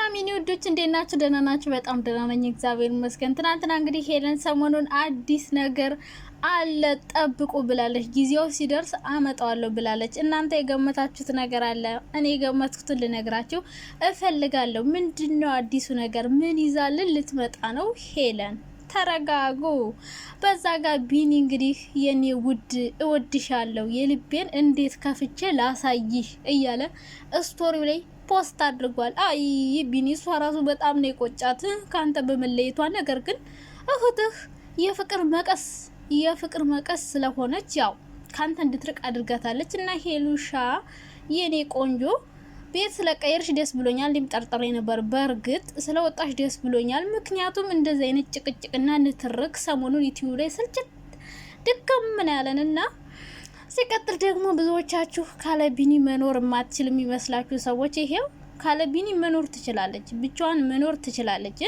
ሰላም የኔ ውዶች እንዴት ናችሁ? ደህና ናችሁ? በጣም ደህና ነኝ፣ እግዚአብሔር ይመስገን። ትናንትና እንግዲህ ሄለን ሰሞኑን አዲስ ነገር አለ ጠብቁ ብላለች። ጊዜው ሲደርስ አመጣዋለሁ ብላለች። እናንተ የገመታችሁት ነገር አለ። እኔ የገመትኩትን ልነግራችሁ እፈልጋለሁ። ምንድን ነው አዲሱ ነገር? ምን ይዛልን ልትመጣ ነው ሄለን? ተረጋጉ። በዛ ጋር ቢኒ እንግዲህ የኔ ውድ እወድሻለሁ፣ የልቤን እንዴት ከፍቼ ላሳይህ እያለ ስቶሪው ላይ ፖስት አድርጓል። አይ ቢኒ፣ እሷ ራሱ በጣም ነው የቆጫት ከአንተ በመለየቷ። ነገር ግን እህትህ የፍቅር መቀስ የፍቅር መቀስ ስለሆነች ያው ከአንተ እንድትርቅ አድርጋታለች። እና ሄሉሻ የኔ ቆንጆ ቤት ስለቀየርሽ ደስ ብሎኛል። ሊምጠርጠሬ ነበር። በእርግጥ ስለወጣሽ ደስ ብሎኛል። ምክንያቱም እንደዚህ አይነት ጭቅጭቅና ንትርክ ሰሞኑን ዩቲዩብ ላይ ስልችት ድክም ምን ያለንና ሲቀጥል ደግሞ ብዙዎቻችሁ ካለ ቢኒ መኖር የማትችል የሚመስላችሁ ሰዎች ይሄው ካለ ቢኒ መኖር ትችላለች፣ ብቻዋን መኖር ትችላለች።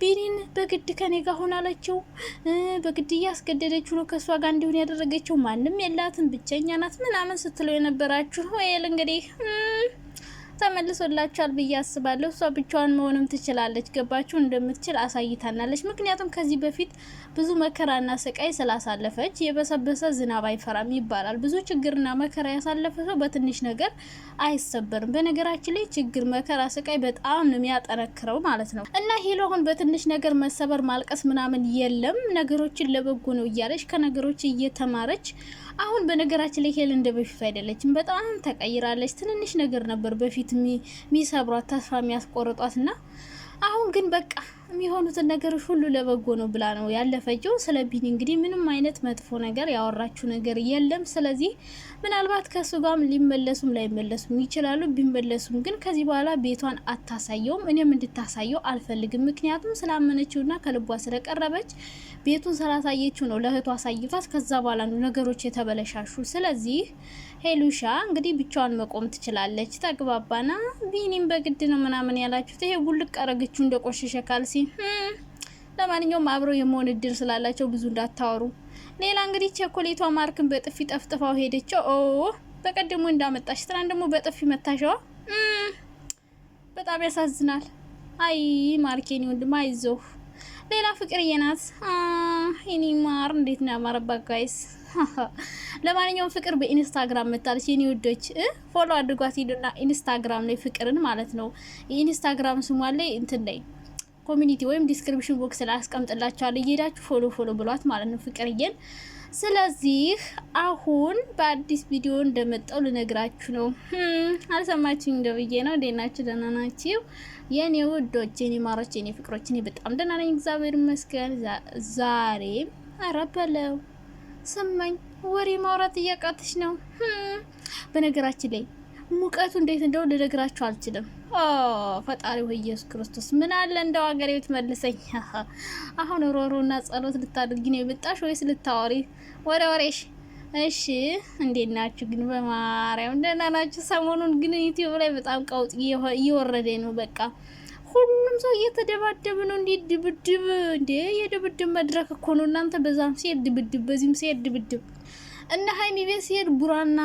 ቢኒን በግድ ከኔ ጋር ሆናለችው፣ በግድ እያስገደደችው ነው ከእሷ ጋር እንዲሆን ያደረገችው። ማንም የላትም ብቸኛ ናት ምናምን ስትለው የነበራችሁ ወይል እንግዲህ ተመልሶላችኋል ብዬ አስባለሁ። እሷ ብቻዋን መሆንም ትችላለች፣ ገባችሁ እንደምትችል አሳይታናለች። ምክንያቱም ከዚህ በፊት ብዙ መከራና ስቃይ ስላሳለፈች የበሰበሰ ዝናብ አይፈራም ይባላል። ብዙ ችግርና መከራ ያሳለፈ ሰው በትንሽ ነገር አይሰበርም። በነገራችን ላይ ችግር፣ መከራ፣ ስቃይ በጣም ነው የሚያጠነክረው ማለት ነው እና ሄሎ አሁን በትንሽ ነገር መሰበር፣ ማልቀስ ምናምን የለም። ነገሮችን ለበጎ ነው እያለች ከነገሮች እየተማረች አሁን በነገራችን ላይ ሄል እንደ በፊት አይደለችም። በጣም ተቀይራለች። ትንንሽ ነገር ነበር በፊት ሴት የሚሰብሯት ተስፋ የሚያስቆርጧት እና አሁን ግን በቃ የሚሆኑትን ነገሮች ሁሉ ለበጎ ነው ብላ ነው ያለፈችው። ስለ ቢኒ እንግዲህ ምንም አይነት መጥፎ ነገር ያወራችው ነገር የለም። ስለዚህ ምናልባት ከእሱ ጋም ሊመለሱም ላይመለሱም ይችላሉ። ቢመለሱም ግን ከዚህ በኋላ ቤቷን አታሳየውም። እኔም እንድታሳየው አልፈልግም። ምክንያቱም ስላመነችውና ከልቧ ስለቀረበች ቤቱን ስላሳየችው ነው ለእህቱ አሳይቷት፣ ከዛ በኋላ ነው ነገሮች የተበለሻሹ። ስለዚህ ሄሉሻ እንግዲህ ብቻዋን መቆም ትችላለች። ተግባባና ቢኒም በግድ ነው ምናምን ያላችሁት ይሄ ቡልቅ ቀረግችው እንደ ካልሲ ለማንኛውም አብሮ የመሆን እድል ስላላቸው ብዙ እንዳታወሩ። ሌላ እንግዲህ ቸኮሌቷ ማርክን በጥፊ ጠፍጥፋው ሄደችው። ኦ በቀደሙ እንዳመጣሽ ትናንት ደግሞ በጥፊ መታሸዋ። በጣም ያሳዝናል። አይ ማርኬኒ ወንድማ አይዞህ። ሌላ ፍቅርዬ ናት። የኔ ማር እንዴት ነው ያማረባት ጋይስ። ለማንኛውም ፍቅር በኢንስታግራም መታለች። የኔ ውዶች ፎሎ አድርጓት ሄዱና ኢንስታግራም ላይ ፍቅርን ማለት ነው። የኢንስታግራም ስሟ ላይ እንትን ላይ ኮሚኒቲ ወይም ዲስክሪፕሽን ቦክስ ላይ አስቀምጥላችኋለሁ እየሄዳችሁ ፎሎ ፎሎ ብሏት ማለት ነው ፍቅርዬን። ስለዚህ አሁን በአዲስ ቪዲዮ እንደመጣው ልነግራችሁ ነው። hm፣ አልሰማችሁኝ እንደ ነው። እንዴት ናችሁ? ደህና ናችሁ? የኔ ውዶች፣ የኔ ማሮች፣ የኔ ፍቅሮች፣ እኔ በጣም ደህና ነኝ፣ እግዚአብሔር ይመስገን። ዛሬ አረበለው ሰማኝ፣ ወሬ ማውራት እያቃተች ነው። hm፣ በነገራችን ላይ ሙቀቱ እንዴት እንደው ልነግራችሁ አልችልም። ፈጣሪ ሆይ ኢየሱስ ክርስቶስ ምን አለ እንደው ሀገሬ ቤት መልሰኝ። አሁን ሮሮና ጸሎት ልታደርጊ ነው የመጣሽ ወይስ ልታወሪ? ወሬ ወሬሽ። እሺ እንዴት ናችሁ ግን? በማርያም ደህና ናችሁ? ሰሞኑን ግን ዩቲዩብ ላይ በጣም ቀውጥ እየወረደ ነው። በቃ ሁሉም ሰው እየተደባደበ ነው። እንዴ ድብድብ! እንዴ የድብድብ መድረክ እኮ ነው። እናንተ በዛም ሲሄድ ድብድብ፣ በዚህም ሲሄድ ድብድብ። እነ ሀይሚ ቤት ሲሄድ ቡራና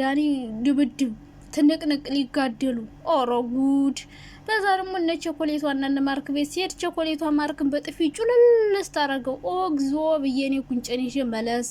ዳኒ ድብድብ ትንቅንቅ ሊጋደሉ። ኦሮ ጉድ! በዛ ደግሞ እነ ቸኮሌቷ እና እነ ማርክ ቤት ሲሄድ ቸኮሌቷ ማርክን በጥፊ ጩልልስ ታረገው። ኦግዞ ብዬኔ ጉንጨን ይዤ መለስ።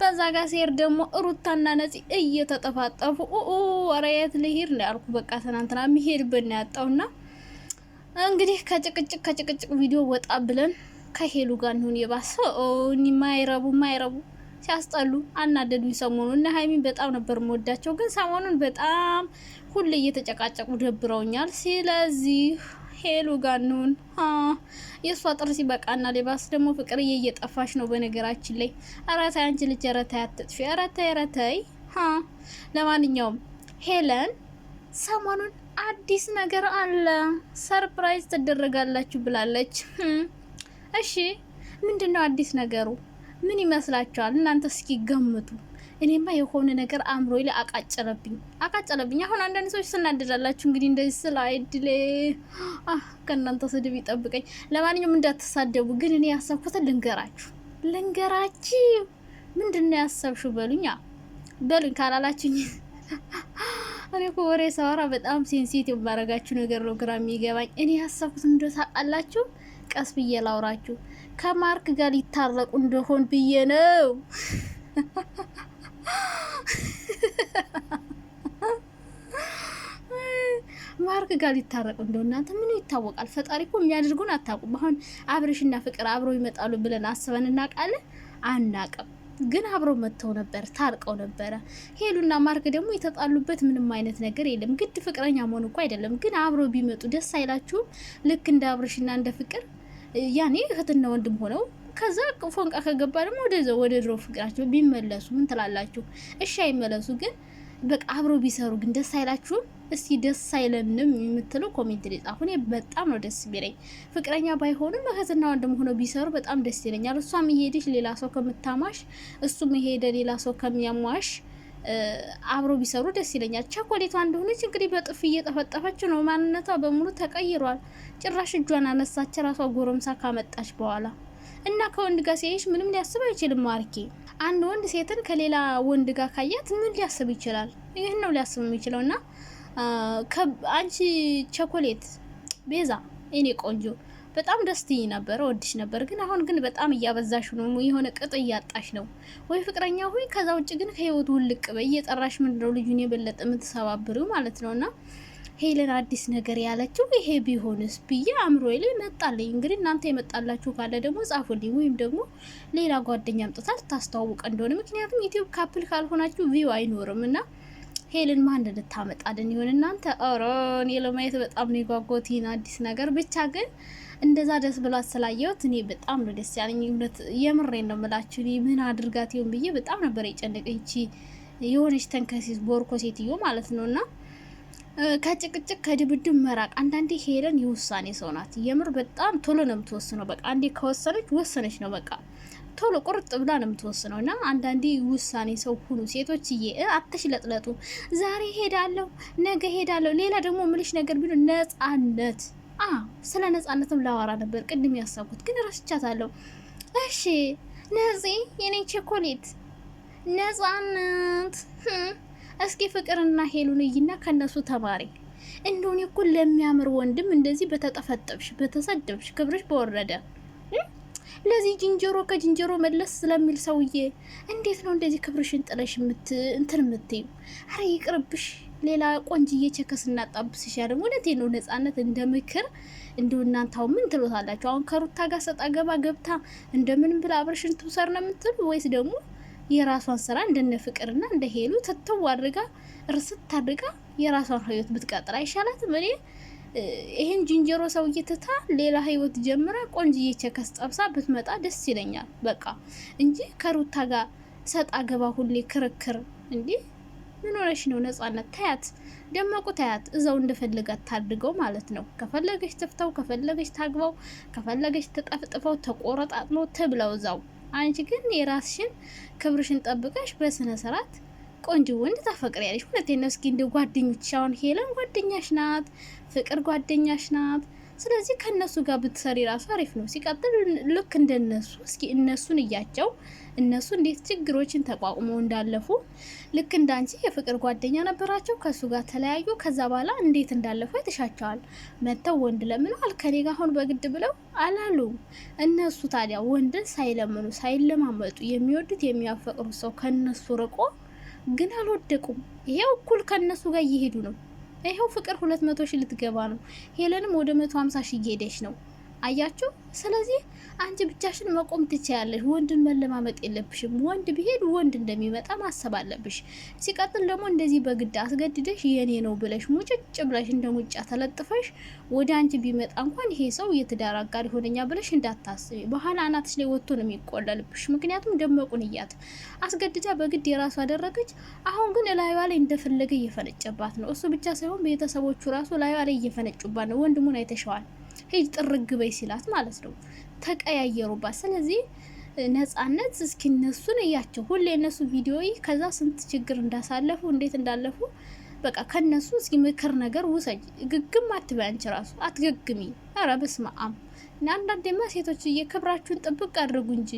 በዛ ጋር ሲሄድ ደግሞ ሩታና ነፂ እየተጠፋጠፉ ኧረ የት ልሂድ ነው ያልኩ። በቃ ትናንትና የሚሄድበት ነው ያጣውና እንግዲህ ከጭቅጭቅ ከጭቅጭቅ ቪዲዮ ወጣ ብለን ከሄሉ ጋር እንሁን። የባሰ ማይረቡ ማይረቡ ሲያስጠሉ አናደዱኝ። ሰሞኑ እነ ሀይሚን በጣም ነበር መወዳቸው፣ ግን ሰሞኑን በጣም ሁሌ እየተጨቃጨቁ ደብረውኛል። ስለዚህ ሄሉ ጋኑን የእሷ ጥርስ ይበቃና ሌባስ ደግሞ ፍቅርዬ እየጠፋሽ ነው። በነገራችን ላይ አረታይ አንቺ ልጅ ረታይ፣ አትጥፊ፣ ረታይ፣ ረታይ። ለማንኛውም ሄለን ሰሞኑን አዲስ ነገር አለ፣ ሰርፕራይዝ ትደረጋላችሁ ብላለች። እሺ ምንድን ነው አዲስ ነገሩ? ምን ይመስላችኋል እናንተ? እስኪ ገምቱ። እኔማ የሆነ ነገር አእምሮ ላይ አቃጨለብኝ አቃጨለብኝ። አሁን አንዳንድ ሰዎች ስናደዳላችሁ እንግዲህ እንደዚህ ስለ አይድሌ ከእናንተ ስድብ ይጠብቀኝ። ለማንኛውም እንዳትሳደቡ ግን እኔ ያሰብኩትን ልንገራችሁ ልንገራችሁ። ምንድን ነው ያሰብሽው በሉኛ፣ በሉኝ ካላላችሁኝ እኔ እኮ ወሬ ሳወራ በጣም ሴንሲቲቭ ባረጋችሁ ነገር ነው ግራ የሚገባኝ። እኔ ያሰብኩት እንደው ታውቃላችሁ፣ ቀስ ብዬ ላውራችሁ ከማርክ ጋር ሊታረቁ እንደሆን ብዬ ነው። ማርክ ጋር ሊታረቁ እንደው እናንተ ምኑ ይታወቃል? ፈጣሪ እኮ የሚያደርጉን አታውቁም። አሁን አብርሽና ፍቅር አብረው ይመጣሉ ብለን አስበን እናውቃለን? አናውቅም ግን አብረው መጥተው ነበር፣ ታርቀው ነበረ። ሄሉና ማርክ ደግሞ የተጣሉበት ምንም አይነት ነገር የለም። ግድ ፍቅረኛ መሆን እኮ አይደለም፣ ግን አብረው ቢመጡ ደስ አይላችሁም? ልክ እንደ አብርሽና እንደ ፍቅር ያኔ እህትና ወንድም ሆነው ከዛ ፎንቃ ከገባ ደግሞ ወደ ድሮ ፍቅራቸው ቢመለሱ ምን ትላላችሁ? እሺ አይመለሱ ግን በቃ አብሮ ቢሰሩ ግን ደስ አይላችሁም? እስቲ ደስ አይለንም የምትሉ ኮሜንት ሊጻፉ። እኔ በጣም ነው ደስ የሚለኝ። ፍቅረኛ ባይሆንም እህትና ወንድም ሆነው ቢሰሩ በጣም ደስ ይለኛል። እሷም የሄደች ሌላ ሰው ከምታማሽ፣ እሱም የሄደ ሌላ ሰው ከሚያሟሽ አብሮ ቢሰሩ ደስ ይለኛል። ቸኮሌቷ እንደሆነች እንግዲህ በጥፍ እየጠፈጠፈች ነው። ማንነቷ በሙሉ ተቀይሯል። ጭራሽ እጇን አነሳች ራሷ ጎረምሳ ካመጣች በኋላ እና ከወንድ ጋር ሲያይሽ ምንም ሊያስብ አይችልም ማርኬ አንድ ወንድ ሴትን ከሌላ ወንድ ጋር ካያት ምን ሊያስብ ይችላል? ይህን ነው ሊያስብ የሚችለው። እና አንቺ ቸኮሌት ቤዛ፣ እኔ ቆንጆ በጣም ደስ ትይ ነበር፣ ወድሽ ነበር። ግን አሁን ግን በጣም እያበዛሽ ነው፣ የሆነ ቅጥ እያጣሽ ነው። ወይ ፍቅረኛ ሁኝ፣ ከዛ ውጭ ግን ከህይወት ውልቅ በይ። እየጠራሽ ምንድነው ልጁን የበለጠ የምትሰባብሪው ማለት ነውና ሄለን አዲስ ነገር ያለችው ይሄ ቢሆንስ ብዬ አእምሮዬ ላይ መጣለኝ። እንግዲህ እናንተ የመጣላችሁ ካለ ደግሞ ጻፉልኝ፣ ወይም ደግሞ ሌላ ጓደኛ አምጥታል ታስተዋውቀ እንደሆነ ምክንያቱም ዩቲዩብ ካፕል ካልሆናችሁ ቪው አይኖርም እና ሄልን ማን ልታመጣልን ይሆን እናንተ? ኧረ እኔ ለማየት በጣም ነው የጓጓሁት ይህን አዲስ ነገር ብቻ ግን እንደዛ ደስ ብሏት ስላየሁት እኔ በጣም ነው ደስ ያለኝ። እውነት የምሬን ነው የምላችሁ። እኔ ምን አድርጋት ይሆን ብዬ በጣም ነበር የጨነቀኝ። ይቺ የሆነች ተንከሲስ ቦርኮ ሴትዮ ማለት ነው እና ከጭቅጭቅ ከድብድብ መራቅ። አንዳንዴ ሄደን የውሳኔ ሰው ናት። የምር በጣም ቶሎ ነው የምትወስነው። በቃ አንዴ ከወሰነች ወሰነች ነው በቃ ቶሎ ቁርጥ ብላ ነው የምትወስነው። እና አንዳንዴ ውሳኔ ሰው ሁኑ ሴቶችዬ፣ አትሽለጥለጡ። ዛሬ ሄዳለሁ፣ ነገ ሄዳለሁ። ሌላ ደግሞ ምልሽ ነገር ቢሉ ነጻነት፣ ስለ ነጻነትም ላወራ ነበር ቅድም ያሳብኩት ግን ረስቻታለሁ። እሺ ነፂ፣ የኔ ቸኮሌት ነጻነት እስኪ ፍቅርና ሄሉን እይና ከነሱ ተማሪ እንደሆነ እኮ ለሚያምር ወንድም እንደዚህ በተጠፈጠብሽ በተሰደብሽ ክብርሽ በወረደ ለዚህ ጅንጀሮ ከጅንጀሮ መለስ ስለሚል ሰውዬ እንዴት ነው እንደዚህ ክብርሽን ጥለሽ እንትን የምትይው? አረ ይቅርብሽ። ሌላ ቆንጅዬ ቸከስ እናጣብስሽ። ያለ እውነቴ ነው። ነጻነት እንደ ምክር እንዲሁ እናንታው ምን ትሎታላችሁ? አሁን ከሩታ ጋር ሰጣ ገባ ገብታ እንደምን ብላ አብረሽን ትውሰር ነው የምትሉ ወይስ ደግሞ የራሷን ስራ እንደነ ፍቅርና እንደ ሄሉ ትተው አድርጋ እርስት አድርጋ የራሷን ህይወት ብትቀጥር አይሻላትም? እኔ ይሄን ጅንጀሮ ሰውዬ ትታ ሌላ ህይወት ጀምራ ቆንጅዬ ቸከስ ጠብሳ ብትመጣ ደስ ይለኛል። በቃ እንጂ ከሩታ ጋር ሰጣ ገባ ሁሌ ክርክር እንዴ! ምን ሆነሽ ነው? ነጻነት ታያት፣ ደመቁ ታያት፣ እዛው እንደፈለጋት ታድገው ማለት ነው። ከፈለገች ትፍተው፣ ከፈለገች ታግባው፣ ከፈለገች ተጠፍጥፈው፣ ተቆረጣጥሞ ትብለው እዛው አንቺ ግን የራስሽን ክብርሽን ጠብቀሽ በስነ ስርዓት ቆንጆ ወንድ ታፈቅሪያለሽ። ሁለቴ ነው። እስኪ እንደ ጓደኞች አሁን ሄለን ጓደኛሽ ናት፣ ፍቅር ጓደኛሽ ናት። ስለዚህ ከእነሱ ጋር ብትሰሪ ራሱ አሪፍ ነው። ሲቀጥል ልክ እንደነሱ እስኪ እነሱን እያቸው እነሱ እንዴት ችግሮችን ተቋቁመው እንዳለፉ ልክ እንዳንቺ የፍቅር ጓደኛ ነበራቸው፣ ከእሱ ጋር ተለያዩ፣ ከዛ በኋላ እንዴት እንዳለፉ የተሻቸዋል። መጥተው ወንድ ለምነዋል ከኔ ጋር አሁን በግድ ብለው አላሉ። እነሱ ታዲያ ወንድን ሳይለምኑ ሳይለማመጡ የሚወዱት የሚያፈቅሩት ሰው ከነሱ ርቆ ግን አልወደቁም። ይሄው እኩል ከነሱ ጋር እየሄዱ ነው። ይኸው ፍቅር ሁለት መቶ ሺህ ልትገባ ነው። ሄለንም ወደ መቶ ሀምሳ ሺህ እየሄደች ነው። አያችሁ። ስለዚህ አንቺ ብቻሽን መቆም ትችያለሽ። ወንድን መለማመጥ የለብሽም። ወንድ ቢሄድ ወንድ እንደሚመጣ ማሰብ አለብሽ። ሲቀጥል ደግሞ እንደዚህ በግድ አስገድደሽ የኔ ነው ብለሽ ሙጭጭ ብለሽ እንደ ሙጫ ተለጥፈሽ ወደ አንቺ ቢመጣ እንኳን ይሄ ሰው የትዳር አጋር ሆነኛ ብለሽ እንዳታስቢ። በኋላ አናትሽ ላይ ወጥቶ ነው የሚቆለልብሽ። ምክንያቱም ደመቁን እያት አስገድዳ በግድ የራሱ አደረገች። አሁን ግን ላይዋ ላይ እንደፈለገ እየፈነጨባት ነው። እሱ ብቻ ሳይሆን ቤተሰቦቹ ራሱ ላይዋ ላይ እየፈነጩባት ነው። ወንድሙን አይተሸዋል። ሄጅ ጥርግ በይ ሲላት ማለት ነው። ተቀያየሩባት። ስለዚህ ነጻነት እስኪ እነሱን እያቸው ሁሌ እነሱ ቪዲዮ ከዛ ስንት ችግር እንዳሳለፉ እንዴት እንዳለፉ በቃ ከነሱ እስኪ ምክር ነገር ውሰጅ። ግግም አትበይ ራሱ አትገግሚ። ኧረ በስመ አብ እና አንዳንዴማ ሴቶች ክብራችሁን ጥብቅ አድርጉ እንጂ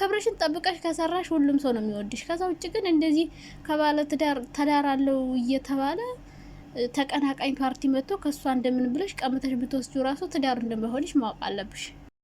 ክብርሽን ጠብቀሽ ከሰራሽ ሁሉም ሰው ነው የሚወድሽ። ከዛ ውጭ ግን እንደዚህ ከባለ ትዳር አለው እየተባለ ተቀናቃኝ ፓርቲ መጥቶ ከእሷ እንደምን ብለሽ ቀምተሽ ብትወስጂው ራሱ ትዳር እንደማይሆንሽ ማወቅ አለብሽ።